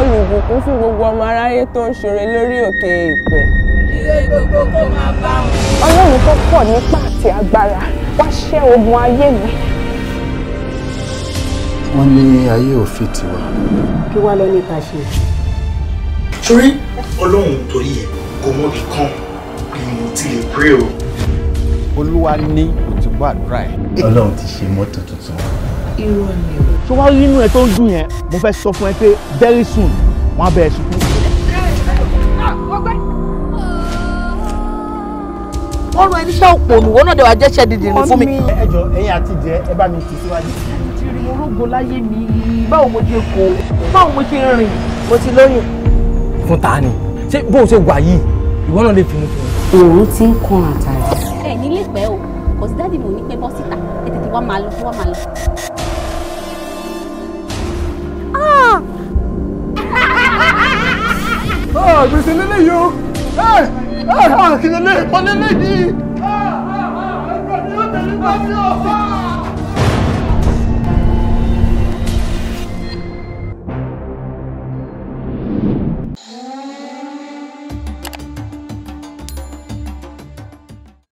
ọlọ́run ìbùkún fún gbogbo ọmọ aráyé tó ń ṣeré lórí òkè ìpẹ́. ire gbogbo kó máa bá wọn. ọlọ́run tó pọ̀ nípa àti agbára wá ṣẹ́ ogun ayé mi. wọ́n ní ayé òfin tiwa. kí wàá lọ ní ká torí ọlọ́run torí ẹ̀ kò mọ̀ bí bí mo ti lè pray o. olúwa ní òtún gbàdúrà ẹ̀. ọlọ́run ti ṣe mọ́tò tuntun irọ́ ni o. tó wá rí inú ẹ tó ń dùn yẹn mo fẹ́ sọ fún ẹ pé very soon wọ́n á bẹ̀rẹ̀ sunkún. wọ́n rán ẹni iṣẹ́ òpònú wọ́n náà dẹ̀ wá dídì ní fún mi. ẹ jọ àti jẹ ẹ bá mi tì síwájú. ìrìn orógbó láyé mi báwo mo ṣe kó báwo mo ṣe rìn mo ti lóyún. fún ta ni ṣé bóun ṣe wà yìí ìwọ náà lè fi mú fún mi. òun ti ń kan àtàrí. ẹ nílé pẹ́ o kò sí dáàdì mò ń ní pé bọ́ síta ẹ tètè máa lọ wá máa lọ. gbèsè lélẹ́yìí o kí lélẹ́yìí pọ́n lélẹ́yìí. ẹ̀ẹ́dẹ̀ẹ́dẹ̀ ló tẹ̀lé bá mi ọ̀.